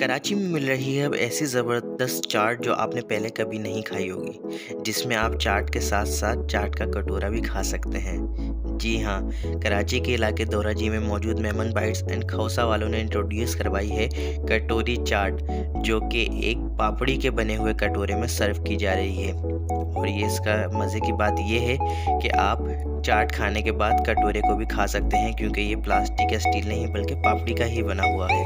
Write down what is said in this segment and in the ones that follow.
कराची में मिल रही है अब ऐसी ज़बरदस्त चाट जो आपने पहले कभी नहीं खाई होगी जिसमें आप चाट के साथ साथ चाट का कटोरा भी खा सकते हैं जी हाँ कराची के इलाके दोराजी में मौजूद मेमन बाइट्स एंड खौसा वालों ने इंट्रोड्यूस करवाई है कटोरी चाट जो कि एक पापड़ी के बने हुए कटोरे में सर्व की जा रही है और ये इसका मज़े की बात यह है कि आप चाट खाने के बाद कटोरे को भी खा सकते हैं क्योंकि ये प्लास्टिक या स्टील नहीं बल्कि पापड़ी का ही बना हुआ है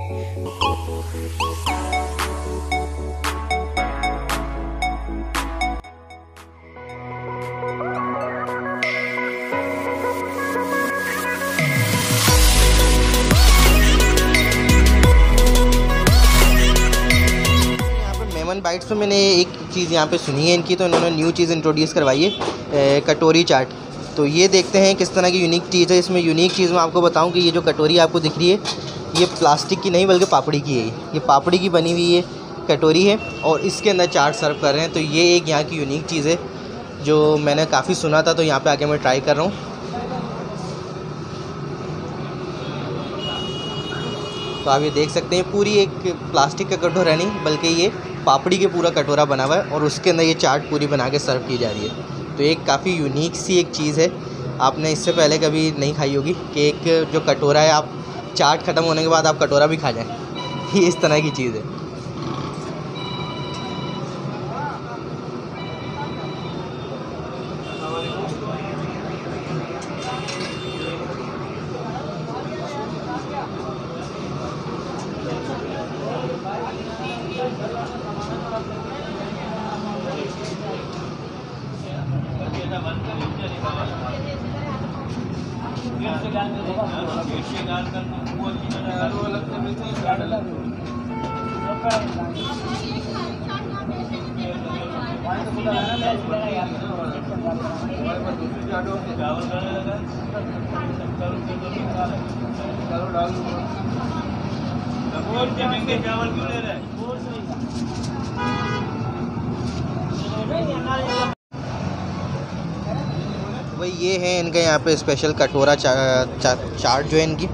बाइट्स में तो मैंने एक चीज़ यहाँ पे सुनी है इनकी तो इन्होंने न्यू चीज़ इंट्रोड्यूस करवाई है कटोरी चाट तो ये देखते हैं किस तरह की यूनिक चीज़ है इसमें यूनिक चीज़ मैं आपको बताऊं कि ये जो कटोरी आपको दिख रही है ये प्लास्टिक की नहीं बल्कि पापड़ी की है ये पापड़ी की बनी हुई ये कटोरी है और इसके अंदर चाट सर्व कर रहे हैं तो ये एक यहाँ की यूनिक चीज़ है जो मैंने काफ़ी सुना था तो यहाँ पर आके मैं ट्राई कर रहा हूँ तो आप ये देख सकते हैं पूरी एक प्लास्टिक का कटोरा नहीं बल्कि ये पापड़ी के पूरा कटोरा बना हुआ है और उसके अंदर ये चाट पूरी बना के सर्व की जा रही है तो एक काफ़ी यूनिक सी एक चीज़ है आपने इससे पहले कभी नहीं खाई होगी कि एक जो कटोरा है आप चाट ख़त्म होने के बाद आप कटोरा भी खा जाएँ ये इस तरह की चीज़ है चावल क्यों ले रहे हैं भाई ये है इनका यहाँ पे स्पेशल कटोरा चा, चा, चाट जो है इनकी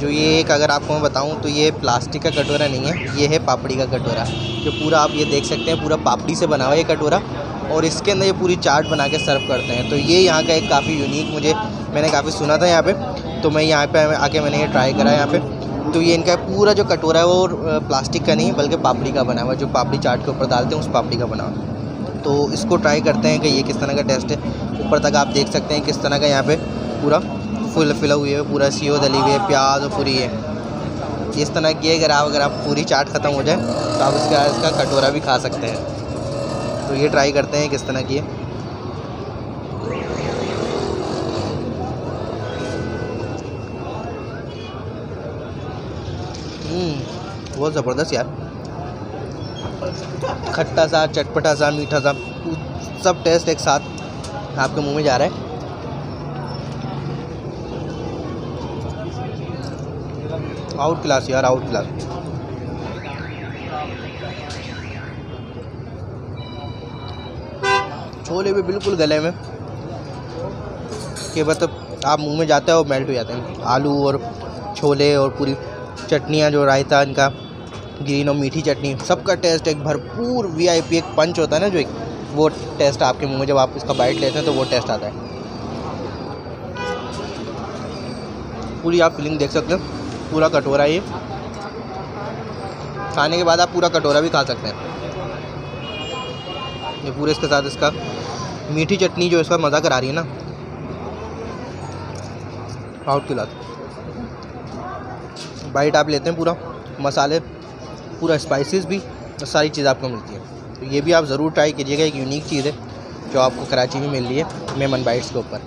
जो ये एक अगर आपको मैं बताऊँ तो ये प्लास्टिक का कटोरा नहीं है ये है पापड़ी का कटोरा जो पूरा आप ये देख सकते हैं पूरा पापड़ी से बना हुआ ये कटोरा और इसके अंदर ये पूरी चाट बना के सर्व करते हैं तो ये यहाँ का एक काफ़ी यूनिक मुझे मैंने काफ़ी सुना था यहाँ पर तो मैं यहाँ पर आके मैंने ये ट्राई करा यहाँ पर तो ये इनका पूरा जो कटोरा है वो प्लास्टिक का नहीं बल्कि पापड़ी का बना हुआ जो पापड़ी चाट के ऊपर डालते हैं उस पापड़ी का बना हुआ तो इसको ट्राई करते हैं कि ये किस तरह का टेस्ट है ऊपर तक आप देख सकते हैं किस तरह का यहाँ पे पूरा फुल फिला हुई है पूरा सीओ दली हुई है प्याज और पूरी है इस तरह की है अगर आप अगर आप पूरी चाट ख़त्म हो जाए तो आप इसका इसका कटोरा भी खा सकते हैं तो ये ट्राई करते हैं किस तरह की है हम्म, बहुत ज़बरदस्त यार खट्टा सा चटपटा सा मीठा सा सब टेस्ट एक साथ आपके मुंह में जा रहा है आउट क्लास यार आउट क्लास छोले भी बिल्कुल गले में के मतलब आप मुंह में जाते हो और मेल्ट हो जाते हैं आलू और छोले और पूरी चटनियाँ जो रायता इनका ग्रीन और मीठी चटनी सबका टेस्ट एक भरपूर वीआईपी एक पंच होता है ना जो एक वो टेस्ट आपके मुंह में जब आप इसका बाइट लेते हैं तो वो टेस्ट आता है पूरी आप फीलिंग देख सकते हैं पूरा कटोरा ये खाने के बाद आप पूरा कटोरा भी खा सकते हैं ये पूरे इसके साथ इसका मीठी चटनी जो इसका मज़ा करा रही है ना आउट की लात बाइट आप लेते हैं पूरा मसाले पूरा स्पाइसेस भी और सारी चीज़ आपको मिलती है तो ये भी आप ज़रूर ट्राई कीजिएगा एक यूनिक चीज़ है जो आपको कराची में मिल रही है मेमन बाइट्स के ऊपर